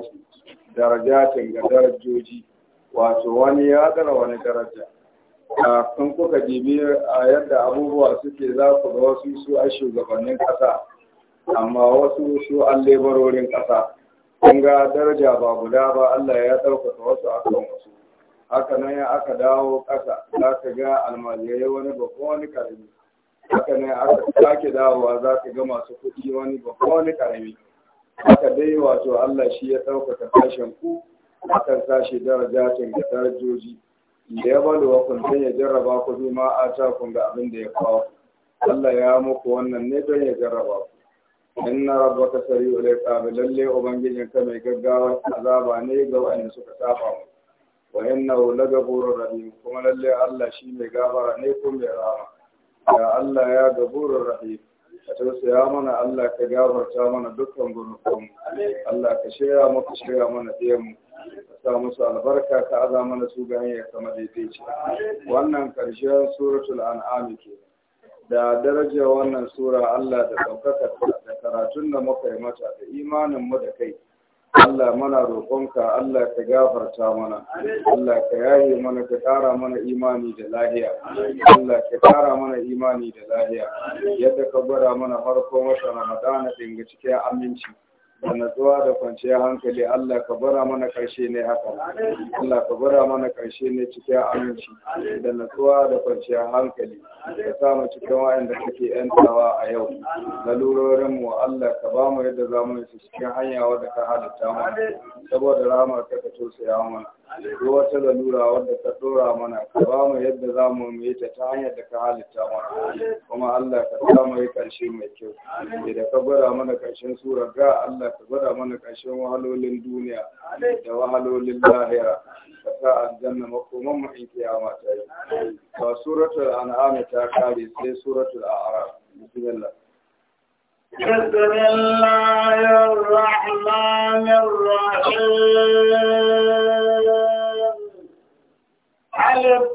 tashi darajatin ga darajoji wato wani ya gara wani daraja a kun kuka dibi a yadda abubuwa suke za ku ga wasu su a shugabannin ƙasa amma wasu su an lebarorin ƙasa kun ga daraja ba guda ba Allah ya ɗaukaka wasu a kan wasu haka nan ya aka dawo ƙasa za ka ga almajirai wani babban wani ƙarami haka nan aka sake dawowa za ka ga masu kuɗi wani babban wani ƙarami haka dai wato Allah shi ya ɗaukaka sashen ku akan daraja darajatin da darajoji da ya bada kun ya jarraba ku bi ma a ta kun ga abin da ya kawo Allah ya muku wannan ne don ya jarraba ku inna rabbaka ule tsabi lalle ubangijin ka mai gaggawa azaba ne ga wanda suka saba mu wa innahu lagafurur rahim kuma lalle Allah shi mai gafara ne kuma mai rahama ya Allah ya gafurur rahim ka tausaya mana Allah ka gafarta mana dukkan gurbin Allah ka shirya maka shirya mana mu. ka sa musu albarka ka aza mana su ga hanyar kama daidaici wannan ƙarshen suratul an'ami ke da darajar wannan sura Allah da ɗaukaka da karatun da muka yi mata da imanin mu da kai Allah mana roƙonka Allah ka gafarta mana Allah ka yaye mana ka ƙara mana imani da lahiya Allah ka ƙara mana imani da lahiya yadda ka gwada mana farkon wata Ramadana ɗin ga cikin aminci da natsuwa da kwanciyar hankali Allah ka bara mana karshe ne haka Allah ka bara mana karshe ne cikin aminci da natsuwa da kwanciyar hankali ka sa mu cikin wa'anda kake yantawa a yau lalurorin mu Allah ka ba mu yadda za mu yi cikin hanya wadda ka halitta mu saboda rahmar ka ka ya mana duk wata lalura wadda ka dora mana ka ba mu yadda za mu yi ta ta hanyar da ka halitta mana kuma Allah ka sa mu yi karshe mai kyau da ka gwada mana karshen sura ga Allah ka gwada mana karshen wahalolin duniya da wahalolin lahira ka sa aljanna makoman mu in kiyama ta yi ba suratul an'am ta kare sai suratul a'raf bismillah بسم الله الرحمن الرحيم ألف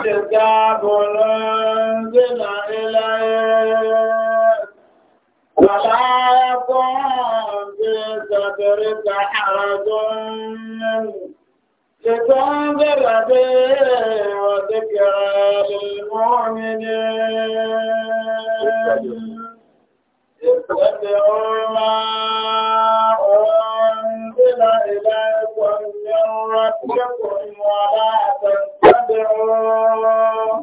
كتاب أنزل إليك ولا يكون صدرك حرج منه لتنذر به وذكرى للمؤمنين اتبعوا ما أنزل إليكم من ربكم ولا تتبعوا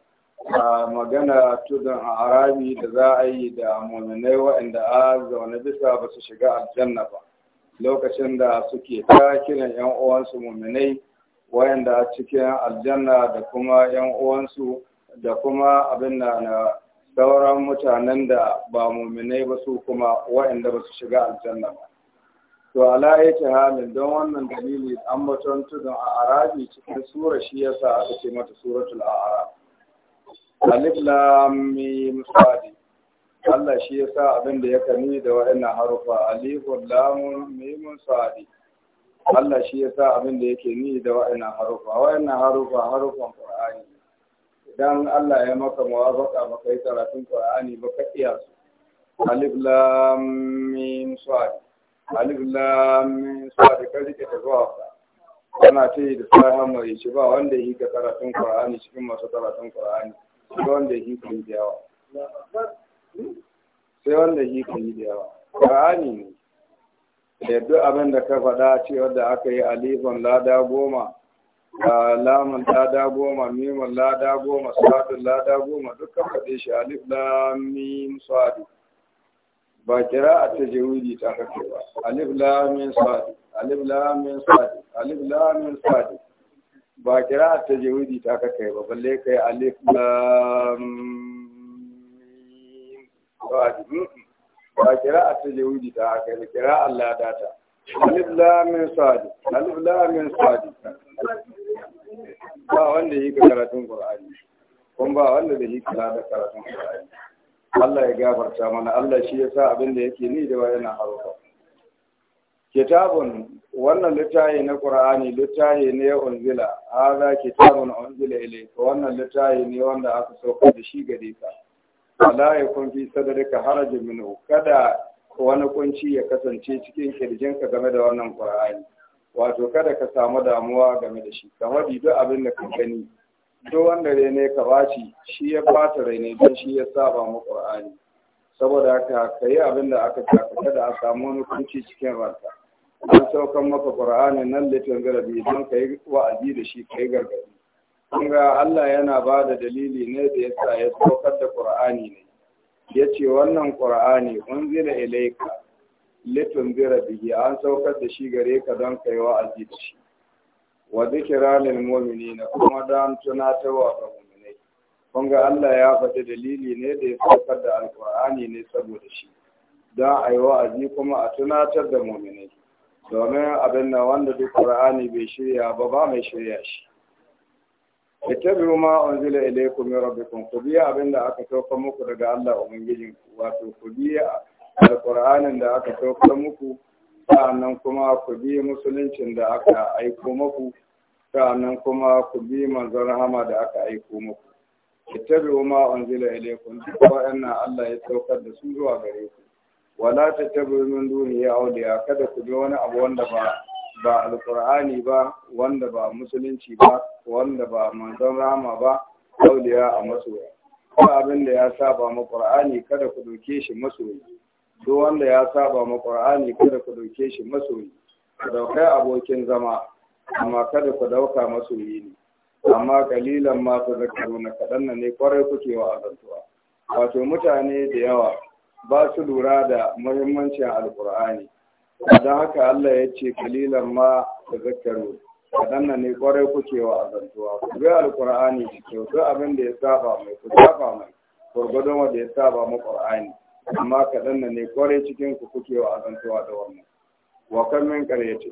a magana tudun a Arabi da za a yi da muminai waɗanda a zaune bisa ba su shiga aljanna ba lokacin da suke ta kiran yan uwansu mominai waɗanda a cikin aljanna da kuma yan uwansu da kuma abin da na sauran mutanen da ba muminai ba su kuma waɗanda ba su shiga aljanna ba to ala ya halin don wannan dalili an mutum tudun a arabi cikin sura shi yasa aka ce mata suratul a'raf alif lam mim sadi Allah shi ya sa abin da ya kani da waɗannan harufa alifun lamun mimun sa'adi Allah shi ya sa abin da yake ni da waɗannan harufa waɗannan harufa harufan Qur'ani idan Allah ya maka muwafaqa baka yi karatun Qur'ani ba ka iya su alif lam mim sa'ad alif lam mim sa'ad ka rike da zuwa ana ta yi da sahihan mai shi ba wanda yi ka karatun Qur'ani cikin masu karatun Qur'ani sai wanda shi kan yi da yawa sai wanda shi yi da yawa ƙar'ani ne yadda abin da ka faɗa cewa da aka yi alifan lada goma lamun lada goma mimun lada goma sadun lada goma dukkan faɗe shi alif lamim sadu ba kira a ta jawidi ta kake ba alif lamin sadu alif lamin sadu alif lamin sadu ba kira ta jawidi ta ka kai ba balle kai alif lam ba kira ta jawidi ta kai ba kira Allah da ta alif lam min sadi alif lam min sadi ba wanda yi ka karatun qur'ani kun ba wanda da yi kala karatun qur'ani Allah ya gafarta mana Allah shi ya sa abin da yake ni da wayan haruka kitabun wannan littafi na qur'ani littafi ne ya unzila hadha kitabun unzila ilayka wannan littafi ne wanda aka sauka da shi gare ka ala yakun fi sadrika haraji minhu kada wani kunci ya kasance cikin ka game da wannan qur'ani wato kada ka samu damuwa game da shi kamar duk abin da ka gani duk wanda rene ka baci shi ya bata rene don shi ya saba mu qur'ani saboda haka ka yi abin da aka taka kada a samu wani kunci cikin ranka an saukan maka qur'ani nan litin garabi don kai wa'azi da shi kai gargadi kun ga Allah yana ba da dalili ne da ya sa ya saukar da qur'ani ne Ya ce wannan kun zira ilaika litin garabi an saukar da shi gare ka don kai wa'azi da shi wa zikira lil na kuma dan tunatarwa ga mu'minai kun ga Allah ya faɗi dalili ne da ya saukar da Alƙur'ani ne saboda shi don a wa'azi kuma a tunatar da mu'minai domin abin da wanda duk ƙura'ani bai shirya ba ba mai shirya shi ita biyu ma an ile ku min bikin ku biya abin da aka saukar muku daga Allah ubangijin wato ku biya alƙur'anin da aka saukar muku sa'annan kuma ku bi musuluncin da aka aiko muku sa'annan kuma ku bi manzon rahama da aka aiko muku ita biyu ma an zila duk wa'annan Allah ya saukar da su zuwa gare ku wala ta tabi min duni ya auliya kada ku bi wani abu wanda ba ba alqur'ani ba wanda ba musulunci ba wanda ba manzon rama ba auliya a masoya ko abin da ya saba mu qur'ani kada ku doke shi masoyi duk wanda ya saba mu qur'ani kada ku doke shi masoyi ku daukai abokin zama amma kada ku dauka masoyi ne amma kalilan ma ku zakaru na kaɗan ne kwarai kuke wa azantuwa wato mutane da yawa ba su lura da muhimmancin alkur'ani don haka Allah ya ce kalilan ma da zakaru kaɗan ne ƙwarai kuke wa azantuwa ku bi alkur'ani da kyau abin da ya saba mai ku saba mai gwargwadon wanda ya saba mu qur'ani amma kaɗan ne kwarai cikin ku kuke wa azantuwa da wannan wa kan min ƙaryace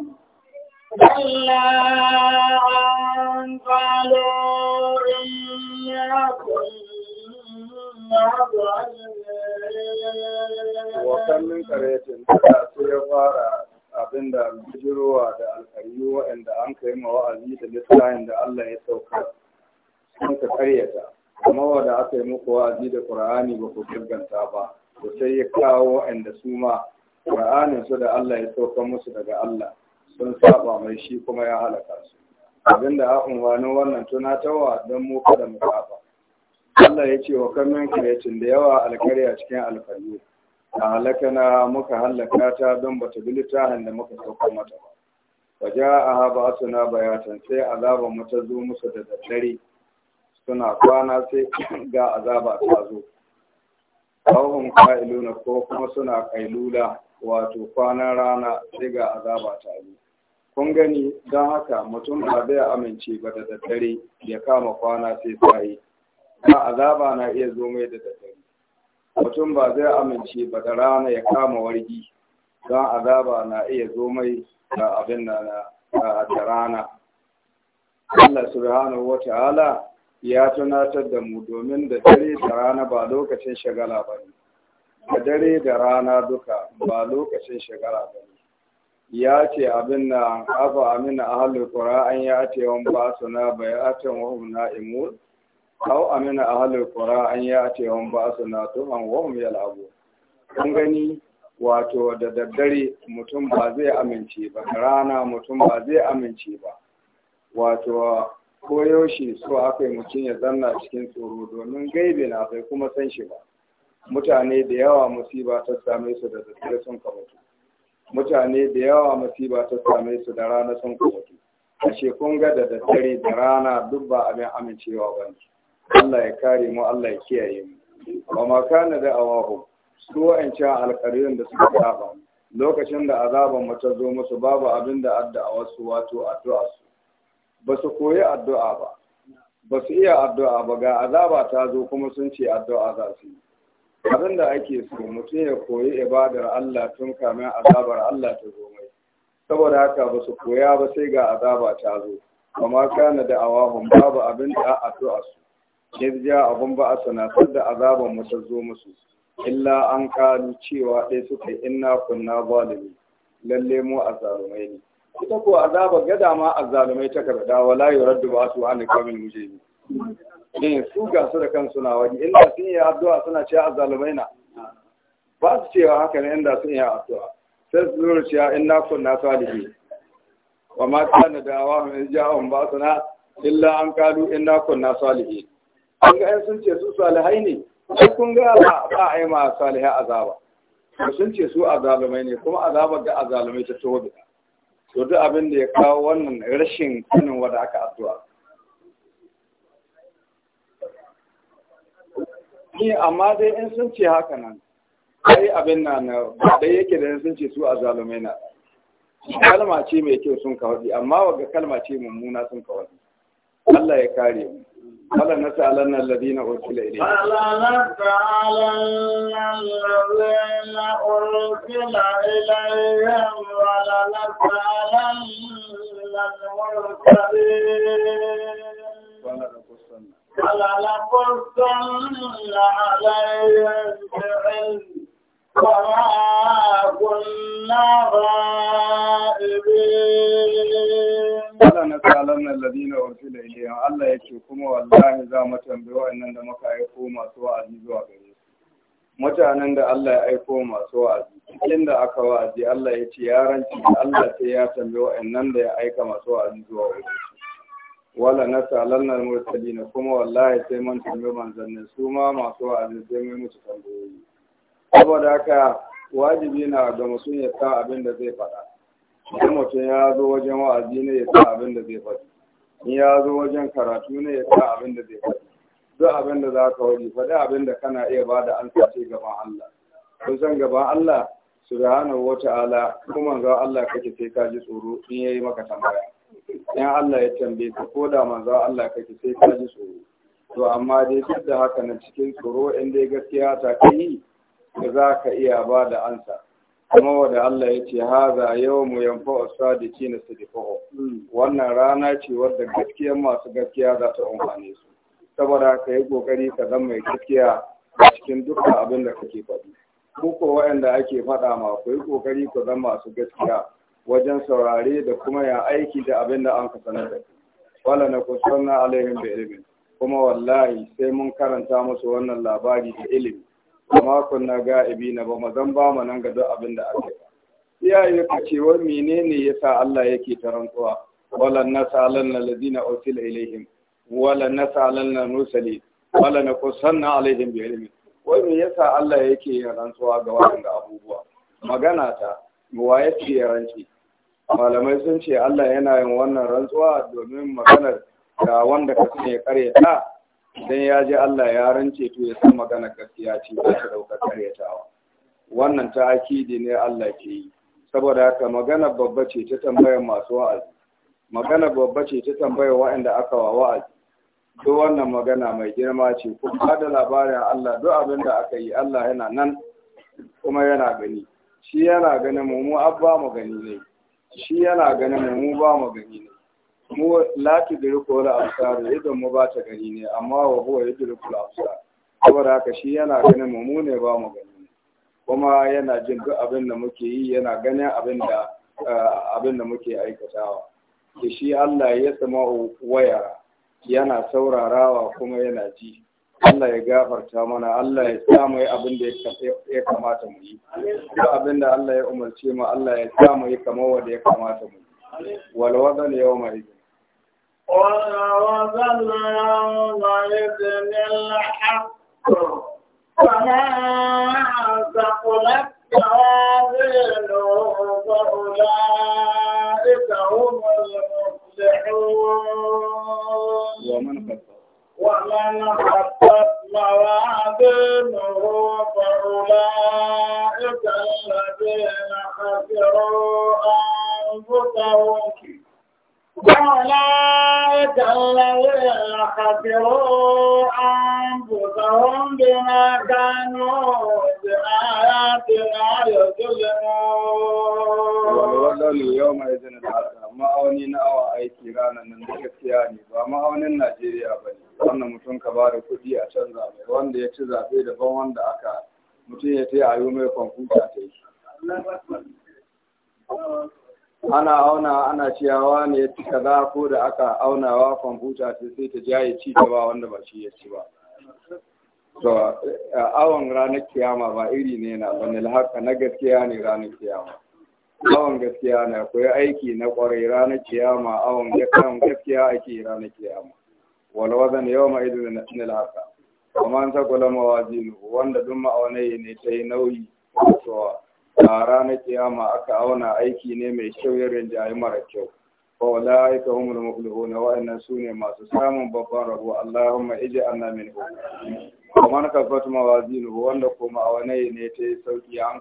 إلا أن قالوا إياكم وكم من قرية تدعت يغارا abinda bijirowa da alkaryu waɗanda an kai ma wa'azi da littafin da Allah ya sauka sun ka karyata kuma wanda aka yi muku wa'azi da Qur'ani ba ku girganta ba to sai ya kawo waɗanda su ma Qur'anin da Allah ya sauka musu daga Allah sun saba mai shi kuma ya halaka su abinda haɗin wani wannan tunatarwa don mu kada mu saba Allah ya ce wa kamin kiretin da yawa alkarya cikin alfarmi a na, muka halaka ta don bata bi littafin da muka sauka mata ba waje a haba suna bayatan sai azaba ta zo musu da daddare suna kwana sai ga azaba ta zo kawun kailuna ko kuma suna kailula wato kwanan rana sai ga azaba ta zo kun gani don haka mutum ba zai amince ba da daddare ya kama kwana sai tsaye ba azaba na iya zo mai da daddare mutum ba zai amince ba da rana ya kama wargi don azaba na iya zo mai da abin da da rana Allah subhanahu wa ta'ala ya tunatar da mu domin da dare da rana ba lokacin shagala ba ne da dare da rana duka ba lokacin shagala ba ne ya ce abin na afa amina ahalul qura an ya ce wan ba suna bayatan wa hum na'imun aw amina ahalul qura an ya ce wan ba suna tuhan wa hum yal'abu kun gani wato da daddare mutum ba zai amince ba rana mutum ba zai amince ba wato koyaushe so aka yi mutum ya zanna cikin tsoro domin gaibe na bai kuma san shi ba mutane da yawa musiba ta same su da daddare sun kawo mutane da yawa masiba ta same su da rana sun kowace ashe kun ga da daddare da rana duk ba abin amincewa ba ne Allah ya kare mu Allah ya kiyaye mu ba ma kana da awahu su wa'ancan alƙaryun da suka saba lokacin da azaban mu ta zo musu babu abin da addu'a wasu wato addu'a su ba su koyi addu'a ba ba su iya addu'a ba ga azaba ta zo kuma sun ce addu'a za su yi abin da ake so mutum ya koyi ibadar Allah tun kamin azabar Allah ta zo mai saboda haka ba su koya ba sai ga azaba ta zo amma kana da awahun babu abin da a a su yanzu ja abun ba a sanatar da azaban mu ta zo musu illa an kalu cewa ɗaya suka inna kunna zalimi lalle mu azalumai ne ita ko azaba gada ma azalumai ta karɓa wala yuraddu ba su an kamin mujeni eh su ga su da kansu na waje inda sun yi addu'a suna cewa azzalumai na ba su cewa haka ne inda sun yi addu'a sai su zuru cewa inna kunna salihi wa ma kana da'awa min ja'um ba su na illa an kalu inna kunna salihi an ga sun ce su salihai ne sai kun ga ba a yi ma salihai azaba sun ce su azalumai ne kuma azabar ga azalumai ta tobe to duk abin da ya kawo wannan rashin sanin wanda aka addu'a shi amma dai in sun ce haka nan ai abin na na ba yake da sun ce su a azalumai na kalma ce mai kyau sun kawadi amma waga kalma ce mummuna sun kawadi Allah ya kare mu Allah na sa'alan nan ladina ursila ilayhi Allah na sa'alan nan ladina ursila ilayhi wa la na sa'alan nan mursalin فلا قصن عليهم na tsalan na Allah ya ce kuma wallahi za mu tambayi wa'annan da muka aiko masu gare su mutanen da Allah ya aiko masu wa'azi cikin da aka wa'azi Allah ya ce yaranci Allah sai ya tambayi wa'annan da ya aika masu wa'azi zuwa gare su wala na na murtali na kuma wallahi sai mun tambi manzannin su ma masu wa'azi sai mun musu tambayoyi saboda haka wajibi na ga mutum ya sa abin da zai faɗa idan mutum ya zo wajen wa'azi ne ya sa abin da zai faɗi in ya zo wajen karatu ne ya sa abin da zai faɗi duk abin da za ka waje faɗi abin da kana iya ba da ansa ce gaban Allah kun san gaban Allah subhanahu wata'ala kuma ga Allah kake sai ka ji tsoro in yayi maka tambaya in Allah ya tambaye ka ko da manzo Allah kake sai ka ji tsoro to amma dai duk da haka na cikin tsoro in dai gaskiya ta kai ka za ka iya ba da ansa kuma wanda Allah ya ce haza yau mu yanfa usadiki na sadiqahu wannan rana ce wadda gaskiyar masu gaskiya za ta amfane su saboda ka yi kokari ka zama mai gaskiya a cikin dukkan abin da kake faɗi ko ko waɗanda ake faɗa ma ku yi kokari ku zama masu gaskiya wajen saurare da kuma ya aiki da abin da an ka sanar da wala na kusurna alaihim da ilimin kuma wallahi sai mun karanta musu wannan labari da ilimi amma kun na ga ibi na ba mazan ba mu nan ga duk abin da aka yi iyaye ka ce wa menene yasa Allah yake tarantuwa wala nasalan alladhina usila ilaihim wala nasalan nusali wala na kusanna alaihim bi ilmi wai me yasa Allah yake rantsuwa ga wannan abubuwa magana ta wa yake ranci malamai sun ce Allah yana yin wannan rantsuwa domin maganar da wanda ka sanya ta. idan ya ji Allah ya rance to ya san maganar gaskiya ce ba ta daukar karyatawa wannan ta akidi ne Allah ke yi saboda haka magana babba ce ta tambayar masu wa'azi magana babba ce ta tambayar waɗanda aka wa wa'azi duk wannan magana mai girma ce kuma da labarin Allah duk abin da aka yi Allah yana nan kuma yana gani shi yana ganin mu mu abba mu gani ne shi yana ganin mu ba mu gani ne mu la tudriku al absar idan mu ba ta gani ne amma wa huwa yudriku al absar saboda haka shi yana ganin mu mu ne ba mu gani ne kuma yana jin duk abin da muke yi yana ganin abin da eh, abin da muke aikatawa da shi Allah ya sama waya yana saurarawa kuma yana ji Allah ya gafarta mana Allah ya samu yi abin da ya kamata mu yi duk abin da Allah ya umarce mu Allah ya samu mu yi kamar wanda ya kamata mu yi wal wazan yau mai وَوَزَنَ يَوْمَ إِذٍ الْحَقُّ فَمَا ثَقُلَتْ موازينه فأولئك هم المفلحون ومن خفت ومن خفت موازينه فأولئك الذين خسروا أنفسهم وأولئك الذين خسروا أنفسهم بما كانوا بآياتنا يظلمون. والولد اليوم إذن الحسن ma'auni na awa aiki ranar nan da gaskiya ne ba ma'aunin Najeriya ba ne. wannan mutum ka ba da kuɗi a canza mai wanda ya ci zaɓe daban wanda aka mutum ya taya yi mai kwamfuta ta yi ana auna ana ciyawa ne ya ci kaza ko da aka aunawa kwamfuta ta sai ta ya ci gaba wanda ba shi ya ci ba to awon ranar kiyama ba iri ne na ba haka na gaskiya ne ranar kiyama awon gaskiya na akwai aiki na kwarai ranar kiyama awon gaskiya ake ranar kiyama wal wazan yawma idin min al haqa kuma ta kula mawazinu wanda duk ma'aunai ne ta yi nauyi to a ranar kiyama aka auna aiki ne mai kyau ya yi mara kyau wa ulaika humul muflihuna na inna sune masu samun babban rabo Allahumma ij'alna minhum kuma ka fata mawazinu wanda kuma ma'aunai ne ta yi sauki an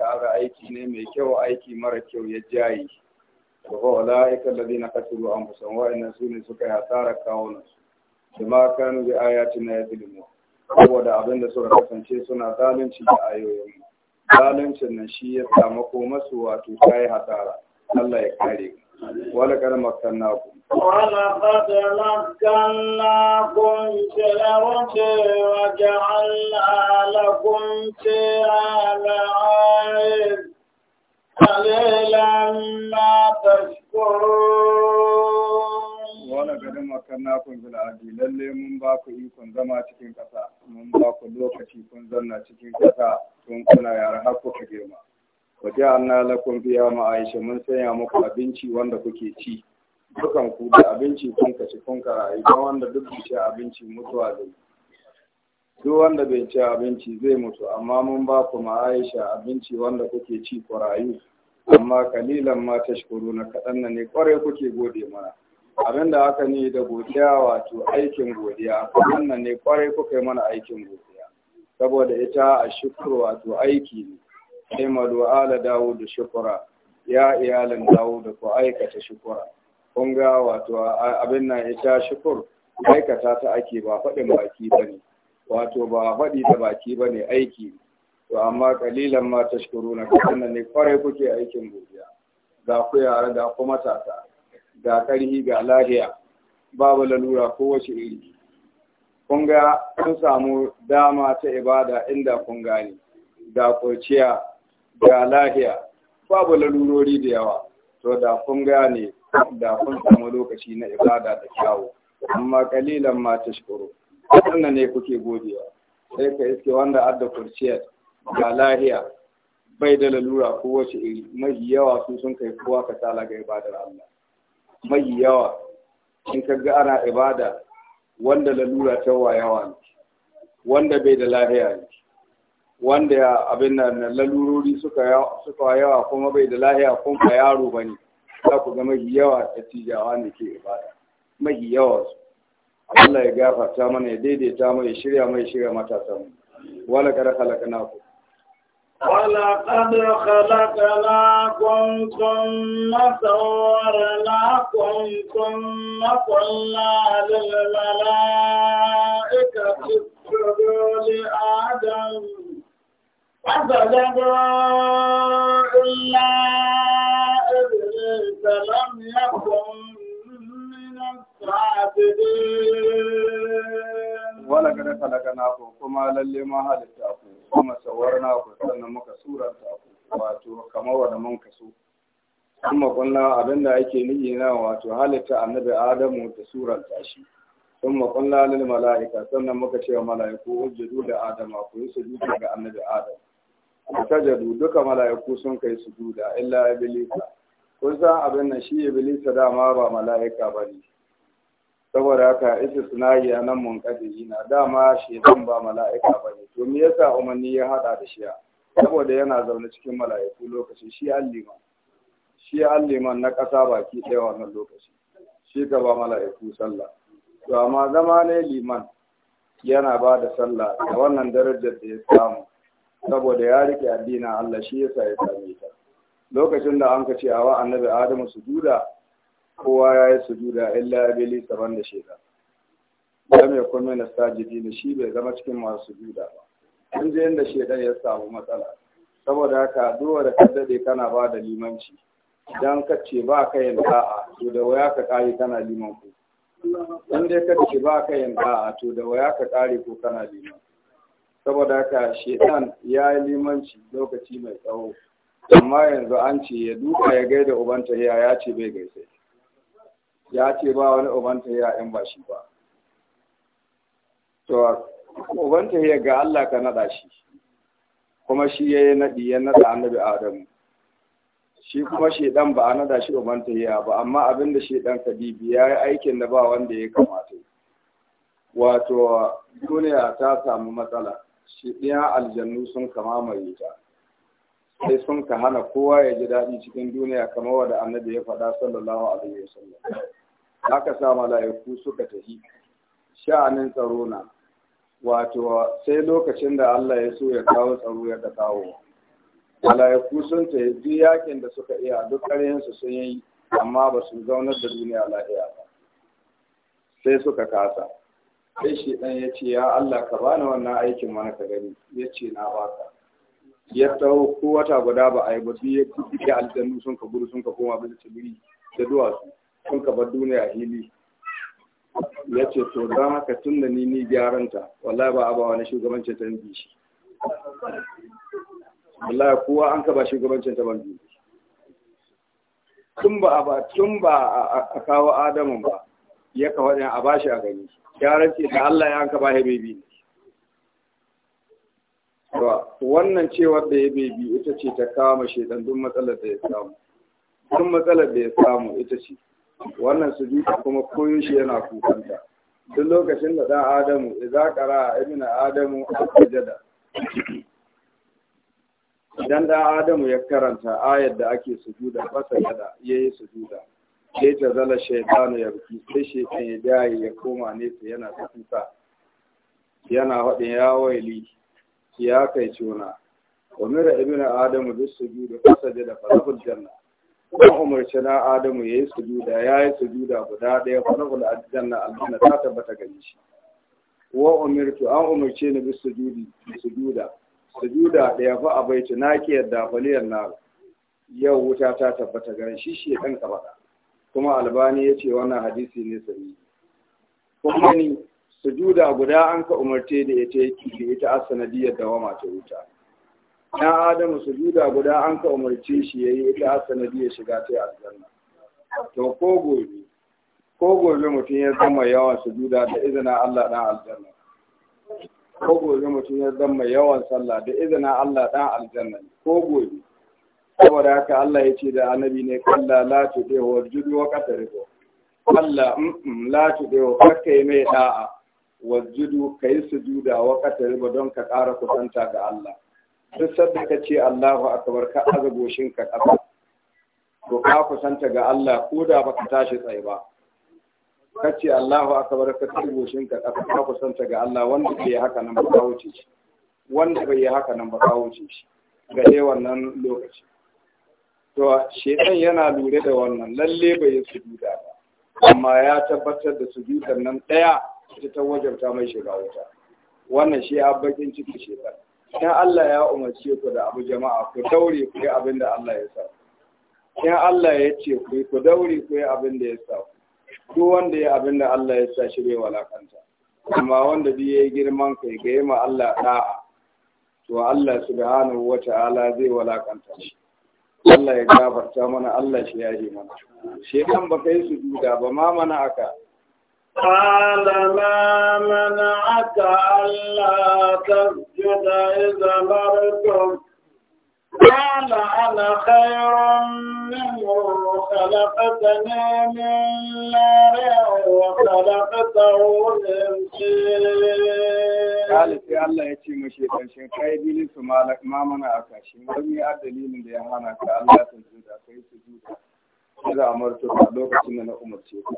ka aiki ne mai kyau aiki mara kyau ya jayi wa fa ulaika alladhina qatalu anfusahum wa inna sunni suka ya tsara kawunan su bima kanu bi ayatina yadlimu saboda abin da suka kasance suna zalunci da ayoyin zaluncin nan shi ya samu masu wato tayi hasara Allah ya kare wala kana makannaku ولقد مكناكم في الأرض وجعلنا لكم فيها معارف قليلا ما تشكرون wani garin makarna kun fil lalle mun ba ku ikon zama cikin ƙasa mun ba ku lokaci kun zanna cikin ƙasa sun kuna yara har kuka girma ku ji na lakum biya ma'aisha mun sanya muku abinci wanda kuke ci dukan ku da abinci kun kaci kun karayi don wanda duk ce abinci mutuwa zai duk wanda bai ci abinci zai mutu amma mun ba ku ma'aisha abinci wanda kuke ci ku amma kalilan ma shukuru na kaɗan nan ne kwarai kuke gode mana abin da aka ne da godiya wato aikin godiya kaɗan nan ne kwarai kuka yi mana aikin godiya saboda ita a shukuru wato aiki ne sai ala dawo da shukura ya iyalin dawo da ku aikata shukura kun ga wato abin nan ita shukur aikata ta ake ba faɗin baki ba ne wato ba faɗi da baki ba ne aiki to amma kalilan ma tashkuru na kasan ne kwarai kuke aikin godiya ga ku yara da ku matasa ga karhi ga lahiya babu lalura kowace iri kun ga kun samu dama ta ibada inda kun gane ga kurciya ga lahiya babu lalurori da yawa to da kun gane da kun samu lokaci na ibada da kyawu amma kalilan ma tashkuru wannan ne kuke godewa sai ka iske wanda adda kurciyar ga lahiya bai da lalura ko wace iri mai yawa su sun kai kowa ka tala ga ibadar Allah mai yawa in ka ga ana ibada wanda lalura ta yawa ne wanda bai da lahiya ne wanda abin nan lalurori suka suka yawa kuma bai da lahiya kuma yaro bane za ku ga mai yawa da tijawa ne ke ibada mai yawa su Allah ya gafarta mana ya daidaita mai shirya mai shirya matasa mu wala kada na ku ولقد خلقناكم ثم صورناكم ثم قلنا للملائكة اسجدوا فسجدوا إلا إبليس لم يكن من wala kada talaka na ku kuma lalle ma halitta ku kuma sawar na ku sannan muka suranta ku wato kamar wanda mun kaso kuma abin da ake nufi na wato halitta annabi adamu da suranta shi kuma kunna lil malaika sannan muka ce wa malaiku ujudu da adama ku yi sujuda ga annabi adamu sajadu duka malaiku sun kai sujuda illa iblisa kun san abin nan shi iblisa dama ba malaika ba ne. saboda haka isa sunayi a nan munkadiri na dama zan ba mala'ika ba ne to me yasa umarni ya hada da shiya saboda yana zaune cikin mala'iku lokaci shi alliman shi alliman na ƙasa baki ɗaya wannan lokaci shi ka ba mala'iku sallah to amma zama ne liman yana ba da sallah da wannan darajar da ya samu saboda ya rike addinin Allah shi yasa ya same ta lokacin da an ka ce awa annabi Adamu sujuda kowa ya yi sujuda illa iblis ban da ya mai yakun na as da shi bai zama cikin masu sujuda ba in je inda shaidan ya samu matsala saboda haka duwa da kaddade kana ba da limanci idan ka ce ba ka yin da'a to da waya ka kare kana liman ku in dai ka ce ba ka yin da'a to da waya ka kare ko kana liman saboda haka shaidan ya yi limanci lokaci mai tsawo amma yanzu an ce ya duka ya gaida ubanta ya ya ce bai gaisa ya ce ba wani ta yi in ba shi ba to uban tahiya ga Allah ka nada shi kuma shi ya yi naɗi ya naɗa annabi Adamu shi kuma shedan ba a nada shi uban ya ba amma abin da shedan ka bibi ya yi aikin da ba wanda ya kamata wato duniya ta samu matsala shi ɗiyan aljannu sun kama mai ta sai sun ka hana kowa ya ji daɗi cikin duniya kamar wadda annabi ya faɗa sallallahu alaihi wasallam aka sa mala'iku suka tafi sha'anin tsaro na wato sai lokacin da Allah ya so ya kawo tsaro ya kawo mala'iku sun tafi duk yakin da suka iya duk ƙaryansu sun yi amma ba su zaunar da duniya lahiya ba sai suka kasa sai shi dan ya ce ya Allah ka bani wannan aikin mana ka gani ya ce na baka ya taho ko wata guda ba a yi ba biyu ya aljannu sun ka gudu sun ka koma bisa tsibiri da duwatsu Kun ka bar duniya a hili ya ce to don haka tun da ni ni gyaranta wallahi ba abawa na shugabancin ta ni shi wallahi kowa an ka ba shugabancin ta ban bi tun ba a ba tun ba a kawo adamu ba ya ka wani a bashi a gani gyaran ce da Allah ya an ka ba ya bebi ne wannan cewar da ya bebi ita ce ta kama shi dandun matsalar da ya samu Tun matsalar da ya samu ita ce wannan sujuda kuma koyo shi yana kukanta duk lokacin da dan adamu za idza a ibina adamu a sajada idan dan adamu ya karanta ayar da ake sujuda fa sajada yayi sujuda sai ta zala shaytanu ya rufi sai shaytan ya dai ya koma nesa yana tsufa yana haɗe ya waili ya kai ciuna umira ibina adamu su sujuda fa sajada fa janna an umarci na adamu ya yi sujuda ya yi sujuda guda ɗaya farafin aljanna aljanna ta tabbata gare shi wa umirtu an umarce ni bi sujudi sujuda sujuda ɗaya fa a baiti na ki yadda faliyar na yau wuta ta tabbata gare shi shi ɗan kabaɗa kuma albani ya ce wannan hadisi ne sahihi kuma ni sujuda guda an ka umarce da ita yake da ita asanadiyar dawama ta wuta ɗan adamu juda guda an ka umarce shi ya yi ita sanadi ya shiga ta aljanna to ko gobe ko gobe mutum ya zama yawan juda da izina Allah ɗan aljanna ko gobe mutum ya zama yawan sallah da izina Allah ɗan aljanna ko gobe saboda haka Allah ya ce da annabi ne kalla la tudewa judu wa qatarigo kalla mm la tudewa kakka yi mai da'a yi kai juda wa qatarigo don ka ƙara kusanta ga Allah duk da ka ce Allahu akbar ka aza goshin ka kafa to ka kusanta ga Allah ko da baka tashi tsaye ba ka ce Allahu akbar ka aza goshin ka kafa ka kusanta ga Allah wanda bai haka nan ba ka wuce shi wanda bai haka nan ba ka wuce shi ga dai wannan lokaci to shedan yana lura da wannan lalle bai yi sujuda ba amma ya tabbatar da sujudan nan daya ita ta wajabta mai shiga wuta wannan shi abbakin ciki shedan in Allah ya umarce ku da abu jama'a ku daure ku yi abin da Allah ya sa in Allah ya ce ku yi ku daure ku yi abin da ya sa ku wanda ya abin da Allah ya sa shi bai walakanta amma wanda bi yayi girman kai ga yi Allah da'a to Allah subhanahu wata'ala zai walakanta shi Allah ya gafarta mana Allah shi ya ji mana shekan ba kai su duda ba ma mana aka قال ما منعك ألا تسجد إذا مرتم قال أنا خير منه خلقتني من نار وخلقته من طين قال في الله يتي مشي dan kai bilin su ma mana aka shi wani a dalilin da ya hana ka Allah ta kai su zuda da amartu a lokacin da na umarce ka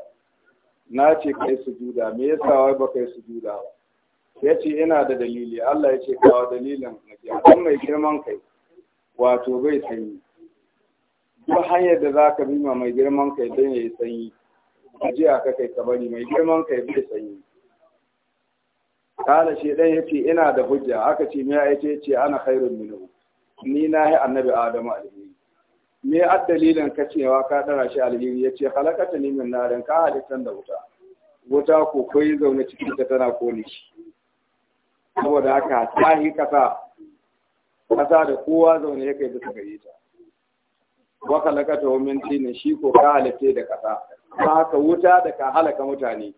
na ce ka yi sujuda me yasa wai kai yi sujuda ba ya ce ina da dalili Allah ya ce kawo dalilin na don mai girman kai wato bai sanyi ba hanyar da za ka bima mai girman kai don ya yi sanyi a ji a kai ka bari mai girman kai bai sanyi kala shi dan yace ina da hujja aka ce me ya ce ce ana khairun minhu ni na yi annabi adamu alaihi me ad dalilan ka cewa ka dara shi alheri yace halakata ne min narin ka halittar da wuta wuta ko kai zaune cikin ta tana koli shi saboda haka tahi kasa kasa da kowa zaune yake bisa gare ta wa halakata wa minti shi ko ka halitta da kasa haka wuta da ka halaka mutane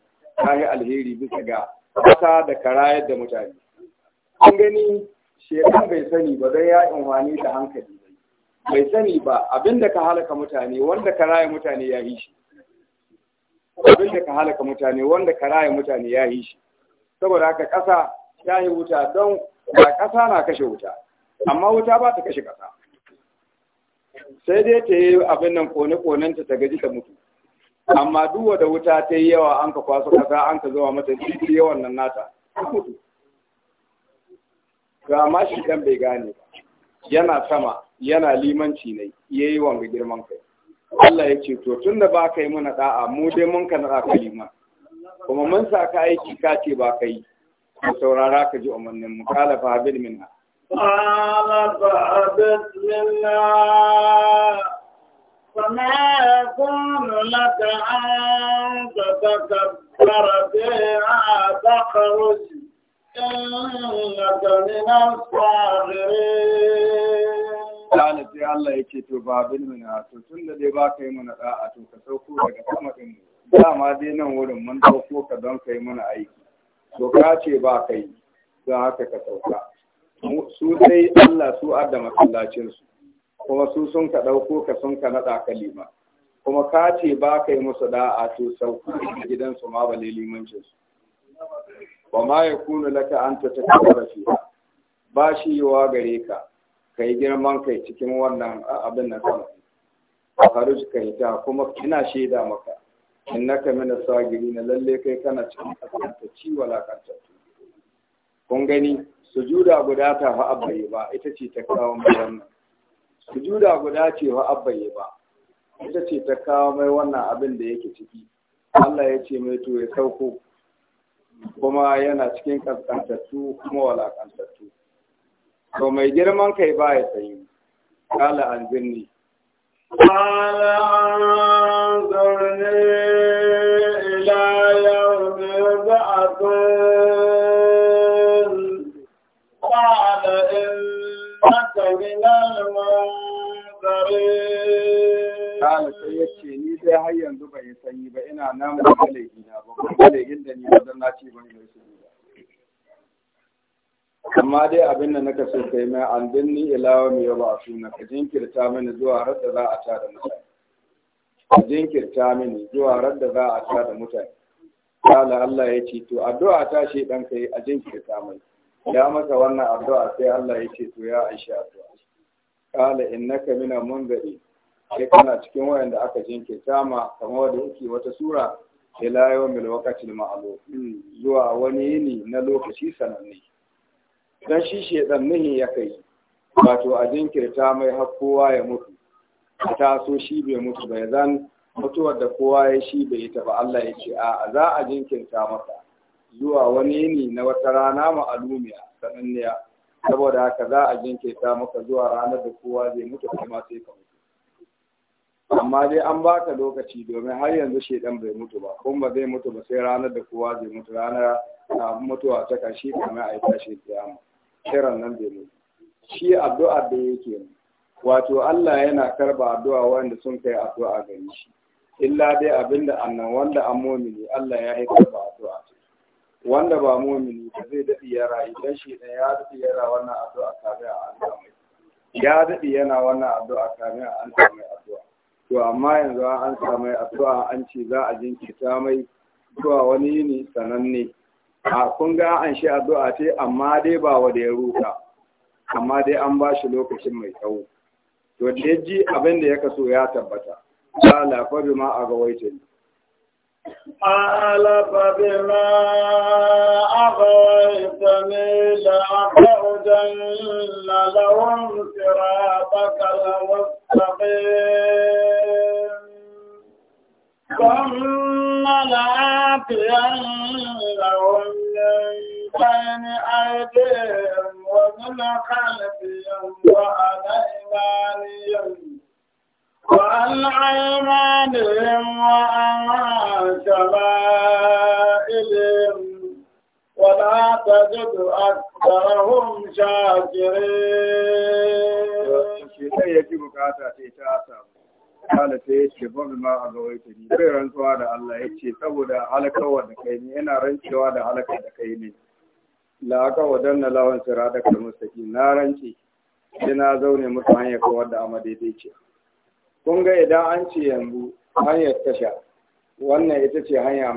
ta yi alheri bisa ga kasa da ka rayar da mutane an gani shekan bai sani ba zai ya amfani da hankali bai sani ba abinda ka halaka mutane wanda ka raya mutane ya yi shi abinda ka halaka mutane wanda ka raya mutane ya yi shi saboda haka ƙasa ta yi wuta don ba ƙasa na kashe wuta amma wuta ba ta kashe ƙasa sai dai ta yi abin nan kone-konenta ta gaji ta mutu amma duk da wuta ta yi yawa an ka kwaso ƙasa an ka zama mata titi yawan nan nata ga amma shi dan bai gane ba yana sama yana limanci ne ya yi wanga girman kai Allah ya ce to tun da ba ka yi mana ɗa'a mu dai mun ka naɗa liman kuma mun sa ka aiki ka ce ba ka yi ko saurara ka ji umarnin mu kala fa habib minna kala fa habib minna فما يكون لك أن إنك من الصاغرين kana sai Allah ya ce to ba bin mana to tun da dai ba ka yi mana da'a to ka sauko daga sama din mu dama dai nan wurin mun dauko ka don ka yi mana aiki to ka ce ba kai don haka ka sauka su sai Allah su adda masallacin su kuma su sun ka dauko ka sun ka nada kalima kuma ka ce ba ka yi musu da'a to sauko daga gidansu ma ba limancin su wa ma yakunu laka ta tatakawara ba shi yiwa gare ka ka yi girman kai cikin wannan abin na kama. a haruj ka yi ta kuma kina shaida maka in na sagiri na na lalle kai kana cikin kasanta ci walakanta kun gani sujuda guda ta fa abbaye ba ita ce ta kawo mai wannan sujuda guda ce fa abbaye ba ita ce ta kawo mai wannan abin da yake ciki Allah ya ce mai to ya sauko kuma yana cikin su kuma walakantattu to mai girman kai ba ya sayi kala an zirni kala an zirni ila yau ne za a tun kala in maka minal manzari kala sai ya ce ni sai har yanzu bai sanyi ba ina nan ba kalegi na ba kalegi da ni wajen na ce ban yi amma dai abin da naka so kai mai an dinni ilawa mai yaba a suna ka jinkirta mini zuwa rada za a ta mutane ka jinkirta mini zuwa har za a ta da mutane kala Allah ya ce to addu'a ta shi dan kai a jinkirta mai ya masa wannan addu'a sai Allah ya ce to ya aisha addu'a kala innaka mina mungadi sai kana cikin wayanda aka jinkirta ma kamar wanda yake wata sura ila yawmil waqtil ma'lum hmm, zuwa wani yini na lokaci sananne dan shi shedan nihi ya kai wato a jinkirta mai har kowa ya mutu a taso shi bai mutu bai zan mutuwar da kowa ya shi bai yi ba Allah ya ce a za a jinkirta masa zuwa wani yini na wata rana ma'alumiya sananniya saboda haka za a jinkirta maka zuwa ranar da kowa zai mutu kuma sai ka mutu amma dai an baka lokaci domin har yanzu dan bai mutu ba kuma ba zai mutu ba sai ranar da kowa zai mutu ranar na ah, mutuwa ta kashi kamar a yi tashi kiyama kiran nan da shi addu'a da yake wato Allah yana karba addu'a wanda sun kai addu'a ga shi illa dai abinda annan wanda an mumini Allah ya yi karba addu'a wanda ba mumini ba zai daɗi ya rayu dan shi dan ya daɗi ya rayu wannan addu'a kafin a Allah ya daɗi yana wannan addu'a kafin a Allah mai addu'a to amma yanzu an samu addu'a an ce za a jinkirta mai zuwa wani ne sananne a kun ga an shi addu'a ce amma dai ba da ya ruka amma dai an ba shi lokacin mai tsawo to da ji abin da ya kaso ya tabbata ya lafa ma a ga gawaita ne da فبما أغويتني لأقعدن لهم ثم لآتينهم من بين أيديهم ومن خلفهم وعن أيمانهم وعن أيمانهم وعن شمائلهم ولا تجد أكثرهم شاكرين. kala ta ya ce babu ma a ta ni bai rantsuwa da Allah ya ce saboda halakawa da kai ne yana rancewa da halaka da kai ne la aka na lawan sirata kal mustaqi na rance sai na zaune musu hanyar kawar da amma daidai ce kun ga idan an ce yanzu hanyar tasha wannan ita ce hanya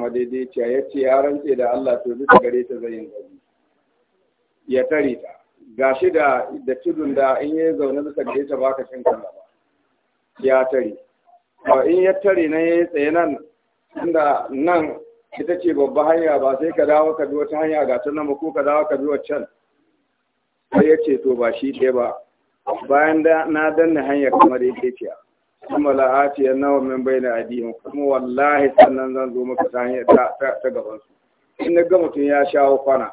ce ya ce ya rantse da Allah to bisa gare ta zai yin gari ya tare ta gashi da da tudun da in ya zaune bisa gare ta baka shin ba ya tare to in ya tare na yi tsaye nan inda nan ita ce babba hanya ba sai ka dawo ka bi wata hanya ga ta nan ko ka dawo ka bi waccan sai ya ce to ba shi ɗaya ba bayan da na danna hanya kamar yake ce kuma la'ati nawa min na adihim kuma wallahi sannan zan zo maka ta hanya ta gaban in na mutum ya shawo kwana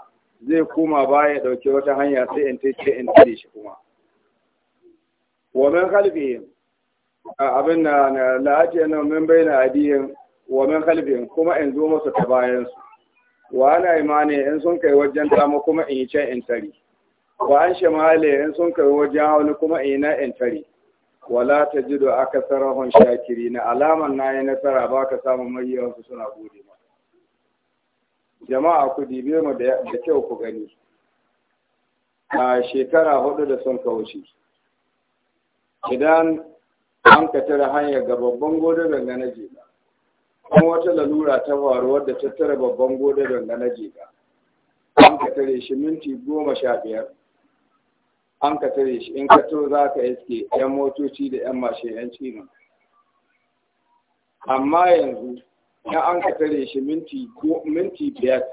zai koma baya ya ɗauki wata hanya sai in tace in tare shi kuma wa min khalfihim abin na ake nan min bayyana adiyin wa min khalfin kuma in zo musu ta bayansu wa ana imani in sun kai wajen dama kuma in yi can in tari wa an shamale in sun kai wajen wani kuma in yi na in tari wala ta ji da aka shakiri na alaman na yi nasara ba ka samun su suna gode ma jama'a ku dibe mu da kyau ku gani a shekara hudu da sun shi idan an ka tare hanyar ga babban gode dangane jiga kuma wata lalura ta faru wadda ta tare babban gode dangane jiga an ka tare shi minti goma sha biyar an ka tare shi in ka to za ka iske yan motoci da yan mashe yan cina amma yanzu ya an ka tare shi minti biyar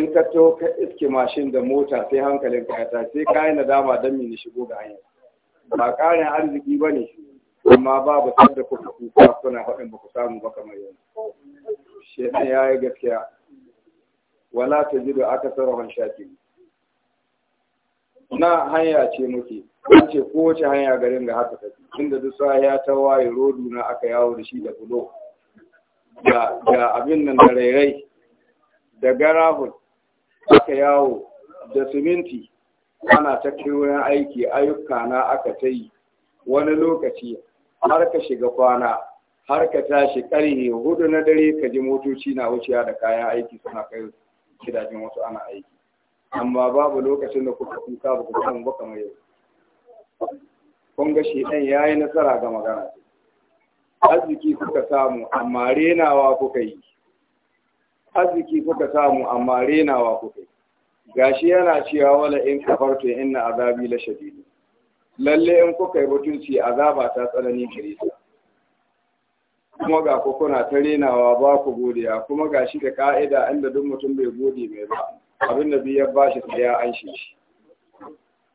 in ka to ka iske mashin da mota sai hankalin ka ya sai ka yi nadama don mini shigo ga hanyar ba ƙarin arziki ba ne amma babu san da kuka kuka kuna haɗin ba ku samu ba kamar yanzu shedan ya yi gaskiya wala ta da aka sarrafan shafi na hanya ce muke an ce kowace hanya garin ga haka tafi inda duk sa ya ta waye rodu na aka yawo da shi da bulo da abin nan da rairai da garahun aka yawo da siminti ana ta kai wurin aiki ayyuka na aka ta yi wani lokaci har ka shiga kwana har ka tashi karhe hudu na dare ka ji motoci na wuciya da kayan aiki suna kai gidajen wasu ana aiki amma babu lokacin da kuka kuka ba kuka san ba kamar yau kun ga ya yi nasara ga magana arziki kuka samu amma renawa kuka yi arziki kuka samu amma renawa kuka yi gashi yana cewa wala in kafartu inna azabi la shadid lalle in kuka yi mutunci azaba ta tsanani gare ta kuma ga ku kuna ta renawa ba ku godiya kuma gashi da ka'ida inda duk mutum bai gode mai ba abin da biyar bashi sai ya anshe shi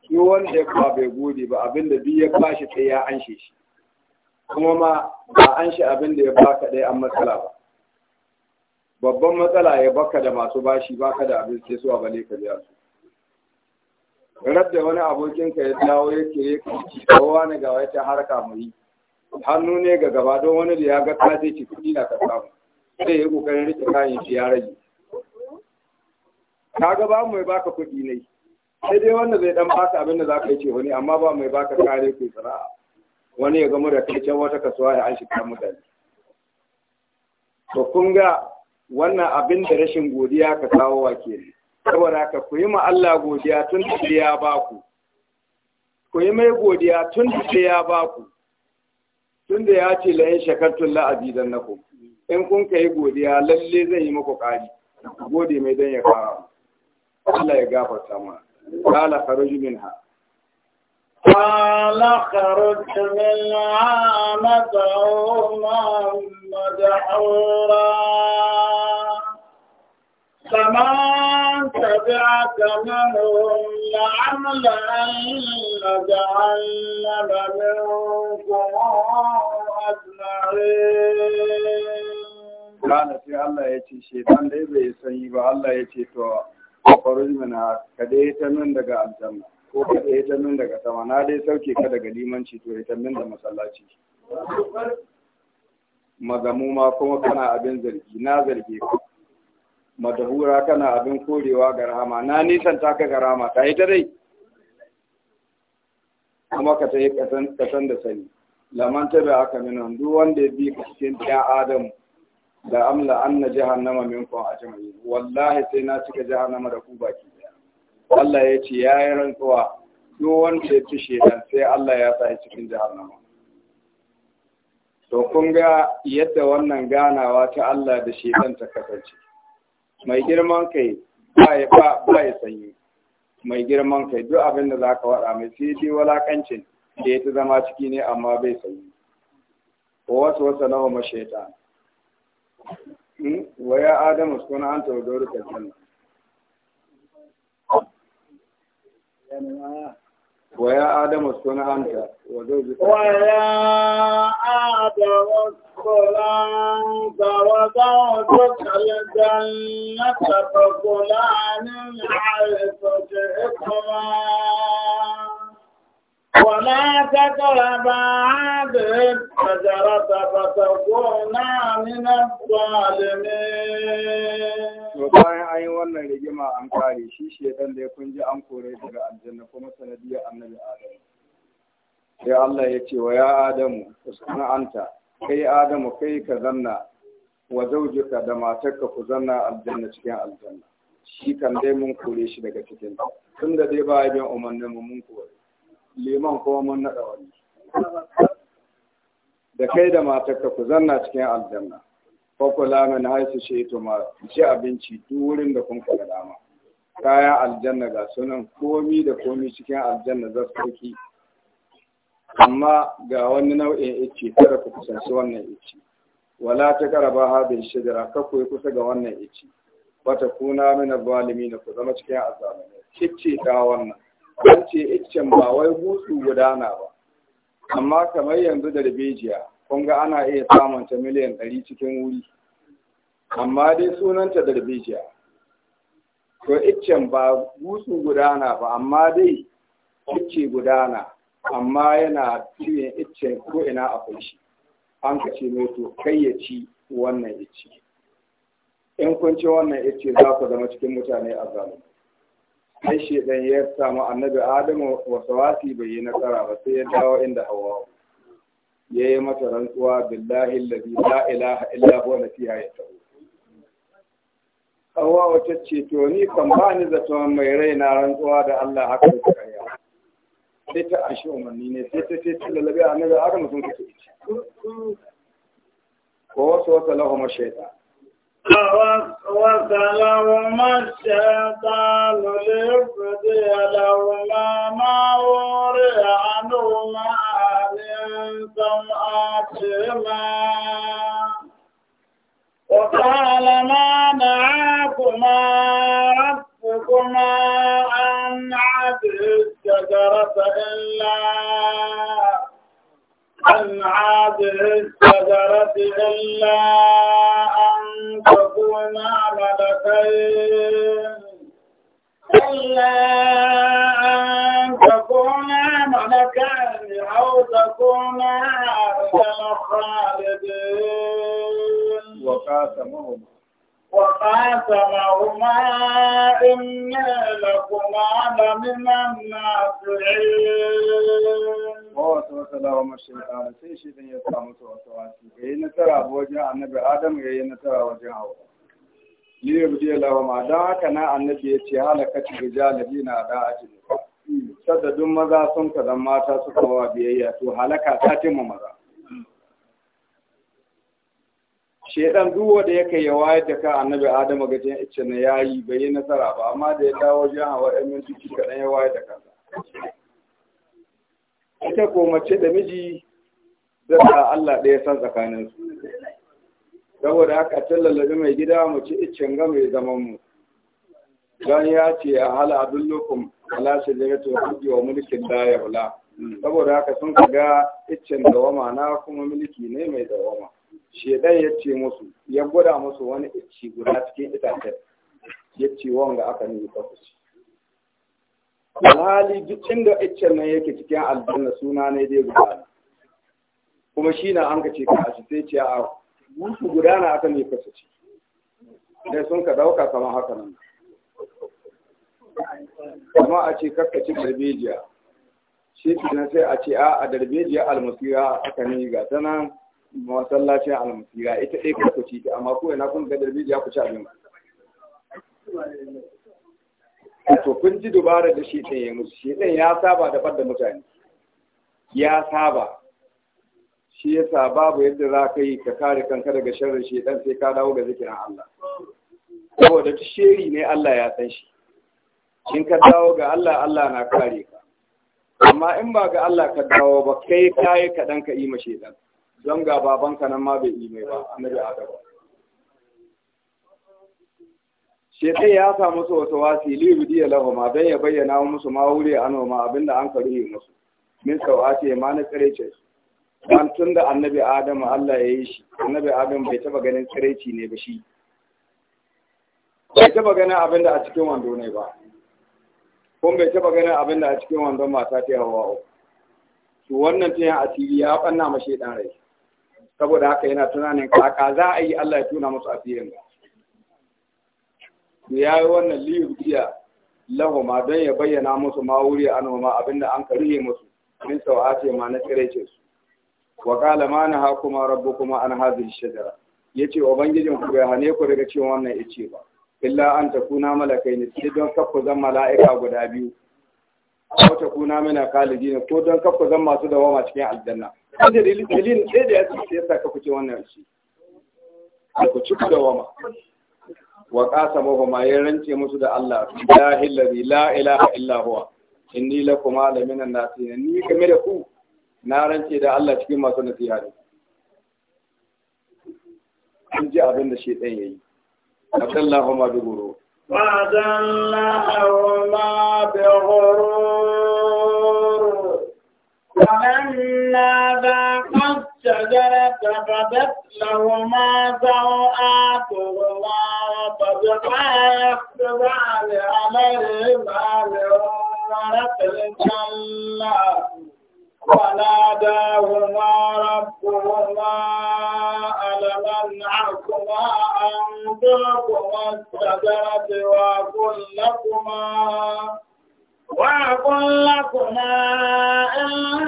shi wanda ya kuma bai gode ba abin da biyar bashi sai ya anshe shi kuma ma ba an shi abin da ya baka ɗaya an matsala ba babban matsala ya baka da masu bashi baka da abin sai suwa bane ka biya su rabda wani abokinka ya dawo yake ya kowa ne ga wata harka mu yi hannu ne ga gaba don wani da ya ga ka zai ci kudi na ka samu sai ya kokarin rike kayan shi ya rage ka ga ba mai baka kuɗi ne sai dai wanda zai dan baka abin da zaka yi ce wani amma ba mai baka kare ko tsara wani ya gamu da kai can wata kasuwa ya an kan mutane to kun ga wannan abin da rashin godiya ka kawo wa ke saboda ka ku yi ma Allah godiya tun da ya ba ku ku yi mai godiya tun da ya ba ku tun da ya ce layin in shakartun don na ku. in kun ka yi godiya lalle zai yi muku ƙari gode mai don ya kawo Allah ya gafarta ma qala kharuj ha. قال خرجت منها مدعوما مدحورا فمن تبعك منهم لعملأن جهنم منكم أجمعين kana sai Allah ya ce shetan dai bai sanyi ba Allah ya ce to kwaruj mana ta nan daga aljanna ko ka da hitar min daga sama na dai sauke ka daga limanci to hitar min da masallaci mazamuma kuma kana abin zargi na zarge ka madahura kana abin korewa ga rahama na nisan ta ka ga rahama ta hita dai kuma ka ta yi kasan da sani laman da aka minan duk wanda ya bi ka cikin ɗan adam da amla an na nama min kwan a jama'i wallahi sai na cika nama da ku baki Allah ya ce ya yi rantsuwa duk wanda ya fi shedan sai Allah ya sa cikin jahannama to kun ga yadda wannan ganawa ta Allah da shedan ta kasance mai girman kai ba ya ba ba ya sanyi mai girman kai duk abin da ka wada mai sai dai walakancin da ya ta zama ciki ne amma bai sanyi ko wasu nawa ma shaitan wa hmm? adamu suna an tawadoro ta janna ويا آدم اسكن أنت وزوجك ويا آدم اسكن أنت وزوجك الجنة فكلا من حيث شئتما ولا تقربا هذه الشجرة فتكونا من الظالمين to bayan an yi wannan rigima an kare shi shedan da ya kunji an kore daga aljanna kuma sanadiyar annabi adamu sai Allah ya ce wa ya adamu kusana anta kai adamu kai ka zanna wa zaujuka da matarka ku zanna aljanna cikin aljanna shi kan dai mun kore shi daga cikin tun da dai ba ya bin umarnin mu mun kore liman kuma mun naɗa wani da kai da matarka ku zanna cikin aljanna fakula min haisu shi ma ci abinci duk wurin da kun kaga dama kayan aljanna ga sunan komi da komi cikin aljanna za su ɗauki amma ga wani nau'in ice kada ku kusanci wannan ice wala ta karaba bin shidara ka ku kusa ga wannan ice bata kuna mina zalimi na ku zama cikin ne kicce ta wannan an ce iccen ba wai gutsu gudana ba amma kamar yanzu da Rubejiya. kun ga ana iya samun ta miliyan ɗari cikin wuri amma dai sunanta darbejiya to iccen ba gusu gudana ba amma dai icce gudana amma yana cikin iccen ko ina akwai shi an ka ce mai to kai ya ci wannan icce in kun ci wannan icce za ku zama cikin mutane a zalim sai shedan ya samu annabi adamu wasu wasi bai yi nasara ba sai ya dawo inda hawa ya yi mata rantsuwa billahi lalzi la ilaha illa huwa nasiha ya taho hawa wata ceto ni kan ba zaton mai raina rantsuwa da Allah haka da kariya sai ta ashi umarni ne sai ta ce ta lalabe a nan aka mutum ka ce ko wasu wata lahuma ta فوسوس لهما الشيطان ليبدي لهما ما وري عنهما أنتم آتما وقال ما نعاكما ربكما أن عبد الشجرة إلا أن عبد الشجرة إلا أن تكونا ملكين إلا أن تكونا ملكان أو تكونا كما خالدين وقاسمهما وقاسمهما إني لكما لمن الناصحين. ووسوس لهما الشيطان سي شيطان يسامس وسواسي كي نترى بوجه النبي آدم كي نترى وجه هوا. Liyar bidiyar lawa ma don haka na annabi ya ce halaka ci gajalabi na da ajin ba. sadda duk maza sun ka mata suka wa biyayya to halaka ta cimma maza shedan duk wanda yake ya wayar da ka annabi adam ga jin ice na yayi bai yi nasara ba amma da ya dawo jin hawa ɗan mintuki kaɗan ya wayar da ita ko mace da miji zaka Allah ɗaya san tsakanin su saboda haka tallallabi mai gida mace iccen ga mai zaman mu don ya ce a hala a lokacin ala shajaratu al-ardi wa mulkin la yawla saboda haka sun kaga iccen dawama na kuma mulki ne mai dawama shedan ya ce musu ya gwada musu wani icci guda cikin itace, yace wanga aka ne ka kuci alhali duk inda iccen nan yake cikin aljanna suna ne dai guda kuma shi na an ka ka a shi sai ce a gusu guda na aka ne ka ci sai sun ka dauka kamar haka nan amma a ce karkacin darbejiya shi kenan sai a ce a a darbejiya almasira aka ne ga ta nan masallacin almasira ita ɗaya karkaci ta amma kuwa na kun ga darbejiya ku ci abin to kun ji dubara da shi ɗaya ya musu shi ɗaya. ya saba da fadda mutane ya saba shi ya sa babu yadda za ka yi ka kare kanka daga sharrin shi ɗan sai ka dawo ga zikirin Allah saboda sheri ne Allah ya san shi in ka dawo ga Allah Allah na kare ka amma in ba ga Allah ka dawo ba kai kai kaɗan ka yi mashi dan don ga babanka nan ma bai yi mai ba annabi adam shekai ya sa musu wasu wasi liyudi lahu ma don ya bayyana musu ma wuri ano ma abinda an karu musu min sau'ati ma na tsiraice su don tun da annabi adam allah ya yi shi annabi adam bai taba ganin kareci ne ba shi bai taba ganin abinda a cikin wando ne ba kun bai taba ganin abin da a cikin wanzan mata ta hawa to wannan ta yin asiri ya banna ma shaidan rai saboda haka yana tunanin kaka za a yi Allah ya tuna musu asirin ba Ya yi wannan liyubiya ma don ya bayyana musu ma wuri anoma da an karihe musu min sau'ati ma na tsirece su wa qala ma na hakuma an hadhihi shajara yace ubangijin ku ya hane ku daga cewa wannan ice ba illa an ta kuna malakai ne sai don kafa zan mala'ika guda biyu ko ta kuna mina kalidi ne ko don kafa zan masu da wama cikin aljanna kan da dalilin sai da ya tsaye ya saka kuce wannan shi da ku ci da wama. wa qasama ma ya rance musu da Allah billahi allazi la ilaha illa huwa inni lakum alamin nasihin ni game da ku na rance da Allah cikin masu nasiha ne An ji abin da shi ɗan ya yi أدلهما بغرور وأدلهما بغرور فلما ذاقت الشجرة بدت لهما سوآتهما وطبقا يخصفان عليهما من ورق الجنة وناداهما ربهما ألم أنعكما a الشجرة وأقل لكما وأقول لكما إن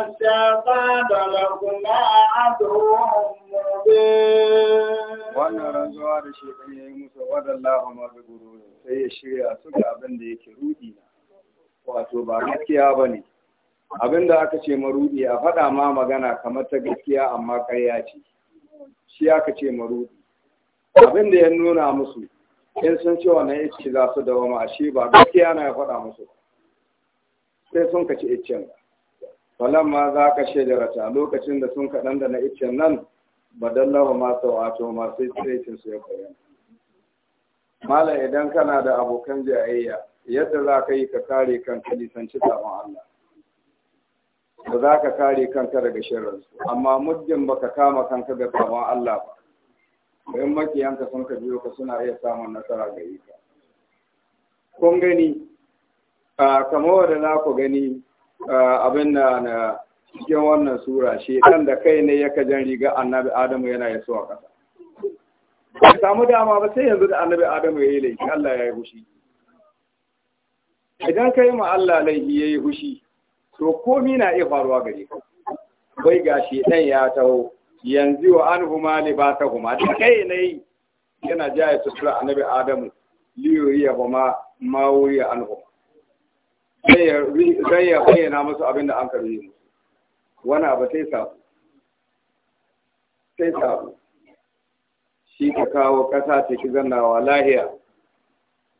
الشيطان لكما عدو wannan rantsuwa da shekan ya yi musu wadan lahama guru sai ya shirya su abin da yake rudi wato ba gaskiya ba ne abin da aka ce marudi a faɗa ma magana kamar ta gaskiya amma karya ce shi aka ce marudi abin da ya nuna musu in sun ce wannan ice za su ma ashe ba gaskiya na ya faɗa musu sai sun kaci iccen falan ma za ka shedarata lokacin da sun kaɗan da na iccen nan ba badallawa masu wato masu tsirrikin su ya koya malam idan kana da abokan jayayya yadda za ka yi ka kare kan kalisanci sabon Allah ba za ka kare kanka daga shirin su amma muddin ka kama kanka da tsawa Allah ba bayan makiyanka sun ka biyo ka suna iya samun nasara ga ka kun gani kamar da na ku gani abin na na cikin wannan sura shi dan da kai ne yaka jan riga annabi Adamu yana yaso a kasa Ka samu dama ba sai yanzu da annabi Adamu ya yi laifi Allah ya yi hushi idan ka yi ma Allah laifi ya yi hushi to komi na iya faruwa gare ka bai ga shi dan ya taho yanzu wa an huma ta huma da kai ne yana jaya sutura annabi adamu ya huma ma wuriya an huma sai ya bayyana musu abin da an karbi musu wani abu sai sa, sai sa, shi ka kawo ƙasa ta ki zannawa lahiya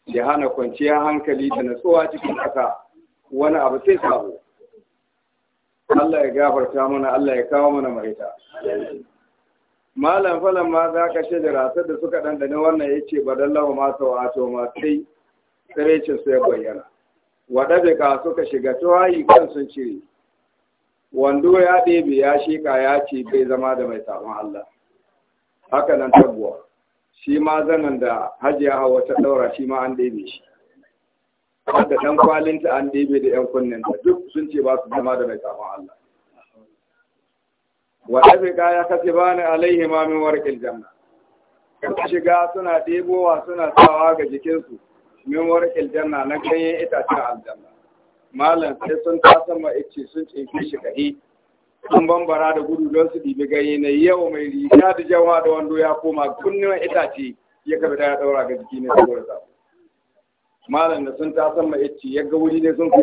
ya hana kwanciyar hankali da natsuwa cikin ƙasa wani abu sai sa. Allah ya gafarta mana Allah ya kawo mana maita malam falan ma za ka shajara sai da suka dandane wannan ya ce ba dallawa ma sawato ma sai tsirecin su ya bayyana waɗanda ka suka shiga tuwayi kan sun cire wando ya ɗebe ya shika ya ce bai zama da mai samun Allah haka nan tabbuwa, shi ma zanen da hajiya hawa ta ɗaura shi ma an ɗebe shi wanda ɗan kwalinta an ɗebe da ‘yan kunninta duk sun ce ba su zama da mai kafin Allah. Wa ɗabiƙa ya kasi ba ni alaihi min warƙin janna. shiga suna ɗebowa suna sawa ga jikinsu min warƙin janna na ganyen itacen aljanna. Malam sai sun tasa ma ice sun tsinke shi kahi. Sun bambara da gudu don su ɗibi ganye na yau mai riga da jawa da wando ya koma kunne itace ya kafa ta ya ɗaura ga jiki ne saboda zafi. malam da sun ta san mai ya ga wuri ne sun kai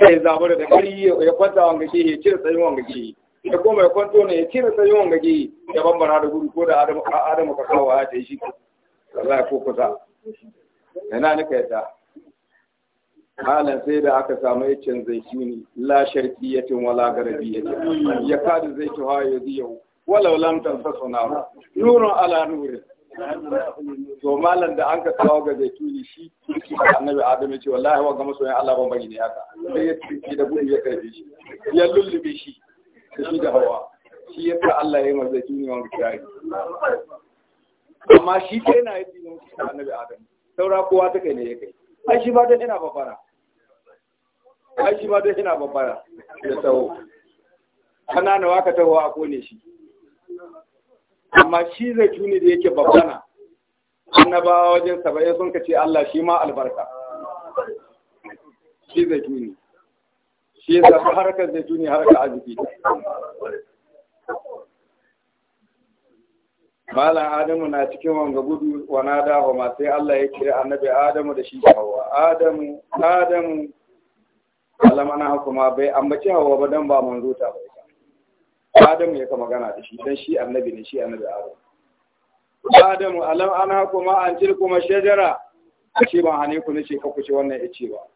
sai zabar da kari ya kwanta wanga ke ya cire sai wanga ke ya koma ya kwanto ne ya cire sai wanga ke ya bambara da gudu ko da adamu ka kawo a ta shi Allah ko kusa yana nika yadda malam sai da aka samu yacin ne la sharqiyatin wala garabiyatin ya kada zai ha ya ziyau walau lam tanfasuna nurun ala nurin to malam da an ka kawo ga zaituni shi annabi adam ya ce wallahi wa ga masoyan Allah ban bari ne haka sai ya tsiki da gudu ya karbe shi ya lullube shi shi da hawa shi ya ka Allah ya yi mar zaituni wani yi amma shi kai na yi dinin annabi adam saura kowa ta kai ne ya kai ai shi ba dan ina babara ai shi ba dan ina babara ya taho kana nawa ka taho a kone shi amma shi zai tuni da yake babbana annabawa wajen saba'in sun ka ce Allah shi ma albarka shi zai tuni shi ya harkar zai tuni harkar arziki Malam Adamu na cikin wanga gudu wana dawo ma sai Allah ya kira annabi Adamu da shi hawa. Adamu, Adamu, Allah kuma bai ambaci hawa ba dan ba manzo ta bai. Adamu ya ka magana da shi dan shi annabi ne shi annabi Adam Adamu alam ana kuma an cil kuma shajara ashe ban hane ku nace ka kuce wannan ce ba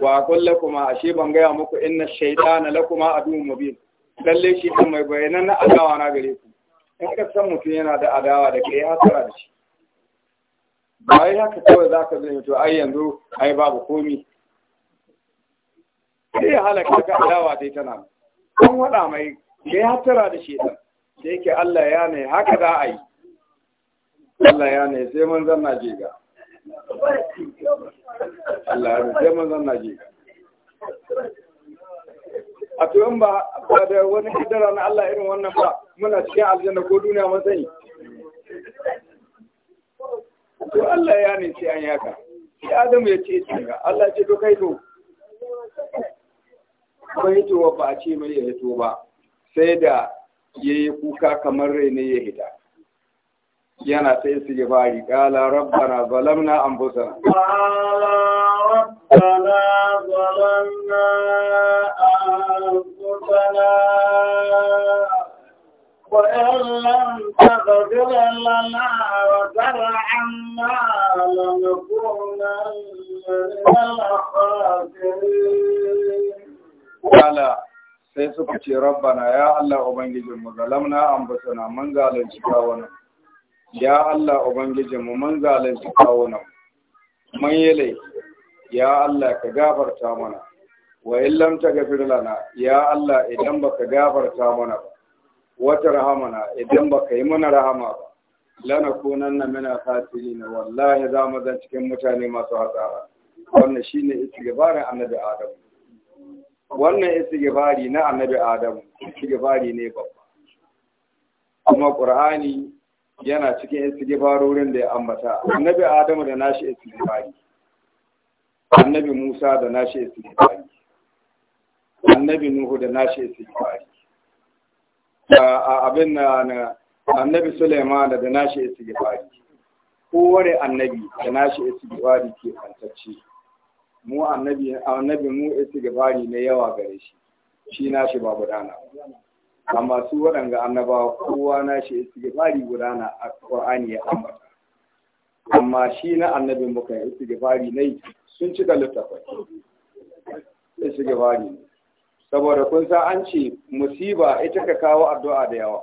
wa kullu kuma ashe ban gaya muku inna shaytana lakuma adu mubin lalle shi kuma mai bayanan na adawa na gare ku in ka san mutum yana da adawa da kai hasara da shi ba yi haka kawai za ka zai to ai yanzu ai babu komi sai halaka ka adawa dai tana an wada mai ke hattara da shaitan da yake Allah ya ne haka za a yi Allah ya ne sai mun zanna je ga Allah ya ne sai mun zanna je ga a tuyon ba ba da wani kidara na Allah irin wannan ba muna cikin aljanna ko duniya mun sani to Allah ya ne sai an yaka sai Adamu ya ce ga Allah ce to kai to yi to ba a ce mai ya to ba sai da ya yi kuka kamar rai ne ya hita yana sai su gifari ƙala rabbana zalamna an busana ƙala rabbana zalamna an busana وإن sai suka ce rabbana ya Allah ubangijinmu zalamna ambatuna mun zalunci kawunan ya Allah ubangijinmu mun zalunci kawunan man yi ya Allah ka gafarta mana wa illam tagfir lana ya Allah idan baka gafarta mana ba wata tarhamana idan baka yi mana rahama ba lana muna min khasirin wallahi za mu zan cikin mutane masu hasara wannan shine ikibarin annabi Adam wannan istighfari na annabi adam istighfari ne babba kuma qur'ani yana cikin istighfarorin da ya ambata annabi adam da nashi istighfari annabi musa da nashi istighfari annabi nuhu da nashi istighfari abin na annabi suleiman da nashi istighfari kowane annabi da nashi istighfari ke kantacce mu annabi annabi mu istighfari ne yawa gare shi shi na shi ba gudana amma su wadanga annabawa kowa na shi istighfari gudana a Qur'ani ya ambata amma shi na annabi muka yi istighfari ne sun cika littafai istighfari ne saboda kun sa an ce musiba ita ka kawo addu'a da yawa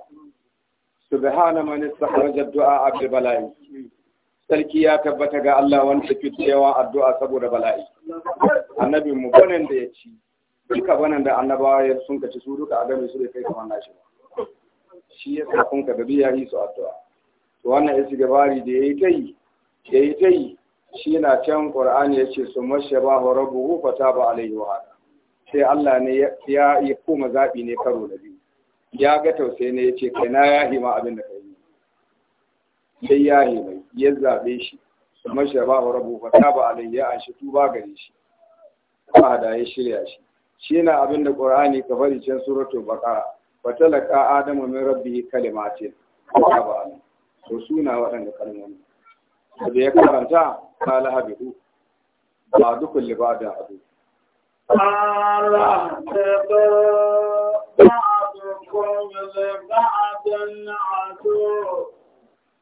subhana man istahraja du'a Abdi bala'i sarki ya tabbata ga Allah wanda ke cewa addu'a saboda bala'i annabi mu banan da ya ci duka banan da annabawa ya sun kaci su duka a su da kai kamar nashi shi ya sa kun ka gabi yi su addu'a to wannan ya shiga bari da yayi tai yayi tai shi na can qur'ani ya ce su mashabahu rabbuhu fataba alaihi wa sai Allah ne ya ya koma zabi ne karo da biyu ya ga tausayi ne yace kai na yahi ma abin da kai sai yahi mai ya zabe shi kuma ba wa rabu ba ta ba alayya a shi tuba gare shi ba da ya shirya shi shi na abin da ƙorani ka bari can suratul Ba fa talaqa adamu min rabbi kalimatin ba ba to suna waɗanda kalmomi da ya karanta qala habihu ba dukkan libadin abu Allah ta ba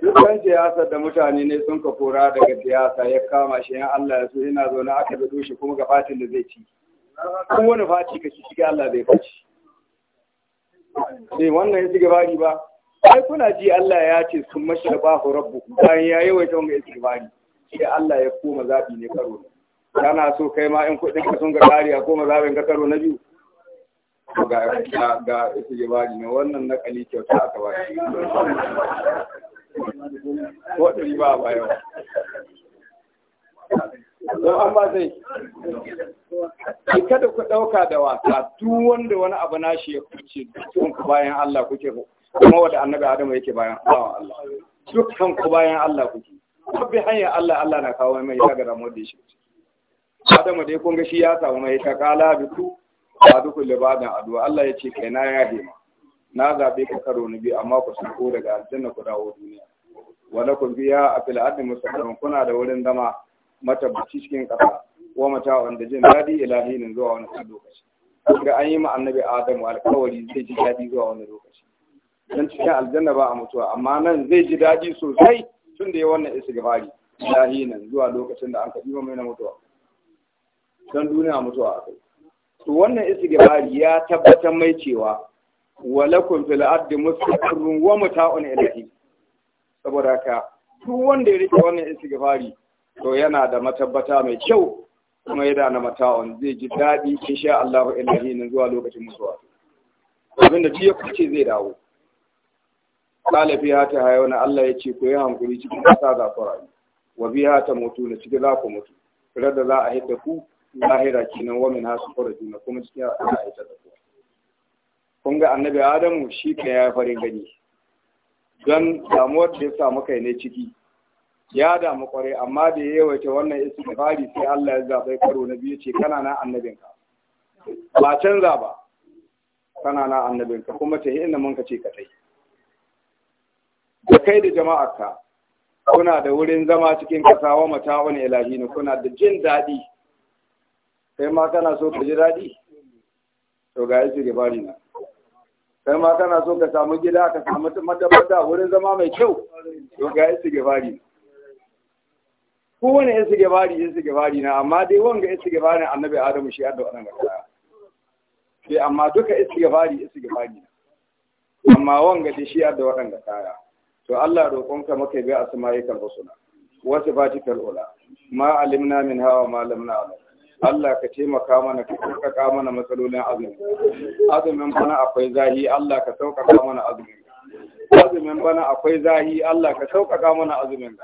dukkan siyasar da mutane ne sun ka kora daga siyasa ya kama shi yan Allah ya so yana zaune aka da shi kuma ga fatin da zai ci kun wani fati ka ci shiga Allah zai faci Ne wannan ya ci gabari ba ai kuna ji Allah ya ce sun mashi da ba rabbu bayan ya yi wata wanga istighfari sai Allah ya koma zaɓi ne karo kana so kai ma in kuɗin ka sun ga kariya koma zaɓin ka karo na biyu ga ga yi jibari ne wannan nakali kyauta aka ba shi ko ɗari ba ba yau don an ba zai kada ku ɗauka da wasa duk wanda wani abu na shi ya kuce dukkan ku bayan Allah kuke kuma wanda annabi Adamu yake bayan Allah dukkan ku bayan Allah kuke bi hanyar Allah Allah na kawo mai ya ga damuwar da shi Adamu dai kun ga shi ya samu mai ta kala bitu ba dukkan libadan addu'a Allah ya ce kai na yahe ma na zabe ka karo ni biyu amma ku sako daga aljanna ku dawo duniya wa lakum biya afil ardi mustaqarrun kuna da wurin zama matabbaci cikin ƙasa Ko mata wanda jin daɗi ilahinin zuwa wani lokaci ga an yi ma annabi adamu alkawari zai ji daɗi zuwa wani lokaci don cikin aljanna ba a mutuwa amma nan zai ji daɗi sosai tun da ya wannan isa gabari zuwa lokacin da an kaɗi mai na mutuwa don duniya mutuwa a kai to wannan istighfari ya tabbatar mai cewa walakum fil ardi mustaqarrun wa mata'un ilahi saboda ka duk wanda ya rike wannan istighfari to yana da matabbata mai kyau kuma yana da mata'un zai ji dadi insha Allah ilahi nan zuwa lokacin mutuwa abinda ji ya kuce zai dawo ya ta na Allah ya ce ku yi hankuri cikin kasa za wa biya ta mutu na cikin za ku mutu da za a hidda ku lahira kenan wa min hasu farajuna kuma cikin a ita da kuwa kun ga annabi adamu shi ka ya farin gani don damuwar da ya samu kai ne ciki ya damu kwarai amma da ya yawaita wannan istighfari sai Allah ya zabe karo na biyu ce kana na annabinka ba canza ba kana na annabinka kuma ta yi inda mun ka ce ka tai da kai da jama'arka kuna da wurin zama cikin kasawa wani ilahi kuna da jin daɗi kai ma kana so ka ji daɗi to ga yake gabari na kai ma kana so ka samu gida ka samu madabata wurin zama mai kyau to ga yake gabari ko wani yake gabari yake gabari na amma dai wanga yake gabari annabi adamu shi adda wannan gaba sai eh, amma duka yake gabari yake gabari na amma wanga dai shi adda wannan gaba to Allah roƙonka maka bi asma'ikal husna wa sifatikal ula ma alimna min hawa ma lam na'lam Allah ka taimaka mana ka sauƙaƙa mana matsalolin azumi azumin bana akwai zahi Allah ka sauƙaƙa mana azumi. azumin bana akwai zahi Allah ka sauƙaƙa mana azumin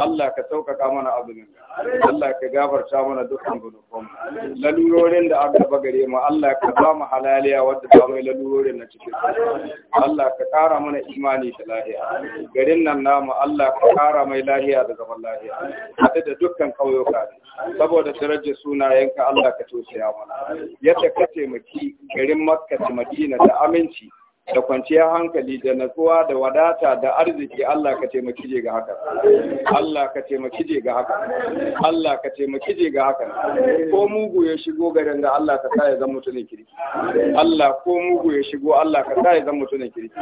Allah ka sauƙaƙa mana azumin Allah ka gafarta mana dukkan gunufan lalurorin da aka gaba gare mu Allah ka ba mu halaliya wadda ba mai lalurorin na cikin Allah ka ƙara mana imani da lahiya garin nan namu Allah ka ƙara mai lahiya da zaman lahiya hada da dukkan ƙauyuka saboda darajar sunayenka Allah ka tausaya mana yadda ka taimaki garin Makka da Madina da aminci da kwanciyar hankali da natsuwa da wadata da arziki Allah ka taimaki je ga haka Allah ka taimaki je ga haka Allah ka taimaki je ga haka ko mugu ya shigo garin da Allah ka sa ya zama mutumin kirki Allah ko mugu ya shigo Allah ka sa ya zama mutumin kirki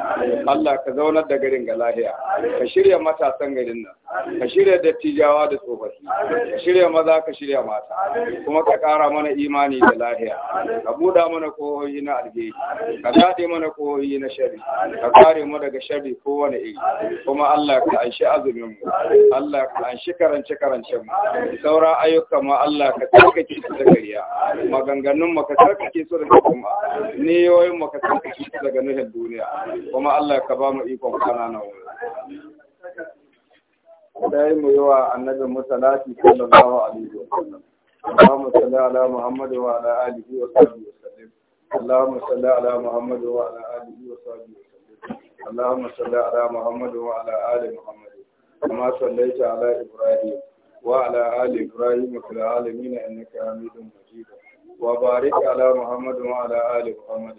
Allah ka zaunar da garin ga lahiya ka shirya matasan garin nan ka shirya dattijawa da tsofaffi ka shirya maza ka shirya mata kuma ka kara mana imani da lahiya ka buɗa mana kohoyi na alheri ka daɗe mana kohoyi nauyi na shari ka kare mu daga shari kowane iri kuma Allah ka anshi azumin mu Allah ka an shi karance karancen mu sauran ayyukan Allah ka tsarkake su da gariya maganganun mu ka tsarkake su daga kuma niyoyin mu ka tsarkake su daga nuhin duniya kuma Allah ka ba mu ikon kananan sai mu yi wa annabi musalati sallallahu alaihi wa sallam Allahumma salli ala Muhammad wa ala alihi wa sahbihi wa sallam اللهم صل على محمد وعلى آله وصحبه وسلم اللهم صل على محمد وعلى آل محمد كما صليت على إبراهيم وعلى آل إبراهيم في العالمين إنك حميد مجيد وبارك على محمد وعلى آل محمد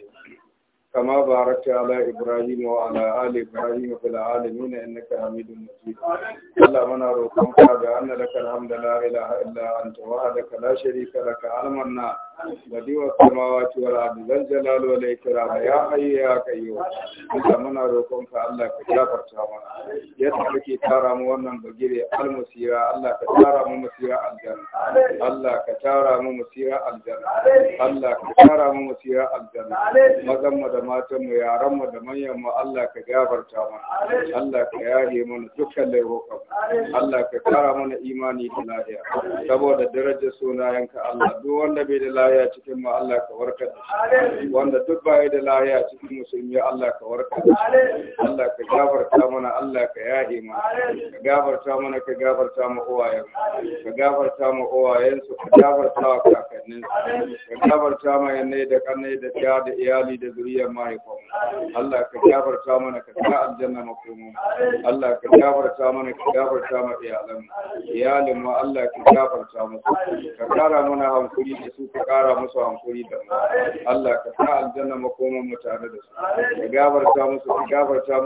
كما باركت على إبراهيم وعلى آل إبراهيم في العالمين إنك حميد مجيد اللهم نروكم بأن لك الحمد لا إله إلا أنت وحدك لا شريك لك علم النار badiwa samawati wal ardi zal jalal wal ikram ya hayyu ya qayyum duka muna roƙon ka Allah ka gafarta mana yadda kake tara mu wannan bagire al musira Allah ka tara mu musira aljanna Allah ka tara mu musira aljanna Allah ka tara mu musira aljanna mazan mu da matan mu yaran mu da manyan mu Allah ka gafarta mana Allah ka yahe mana dukkan laifukan Allah ka tara mana imani da lafiya saboda darajar sunayenka Allah duk wanda bai da lafiya lahiya cikin mu Allah ka warkar da shi wanda duk baya da lahiya cikin musulmi Allah ka warkar da shi Allah ka gafarta mana Allah ka yahe mana ka gafarta mana ka gafarta mu uwayen ka gafarta mu uwayen su ka gafarta wa kakannin su ka gafarta ma yanne da kanne da ta da iyali da zuriyar mahaifan Allah ka gafarta mana ka sa aljanna makomo Allah ka gafarta mana ka gafarta ma iyalan iyalin mu Allah ka gafarta mu ka kara mana hankuri da su ka ƙara musu hankuri da Allah ka sa aljanna makoman mu da su ka gafarta musu ka ma da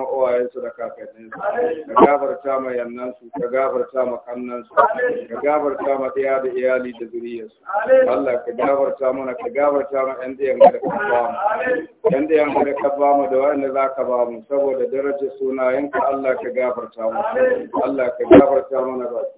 kakanninsu ka gafarta ma ka ma ka ma da iyali da zuriyarsu Allah ka mana ka ma ƴan ɗayan da ka ba mu da ka ba mu da wanda za ka ba mu saboda darajar sunayenka Allah ka mu Allah ka gafarta mana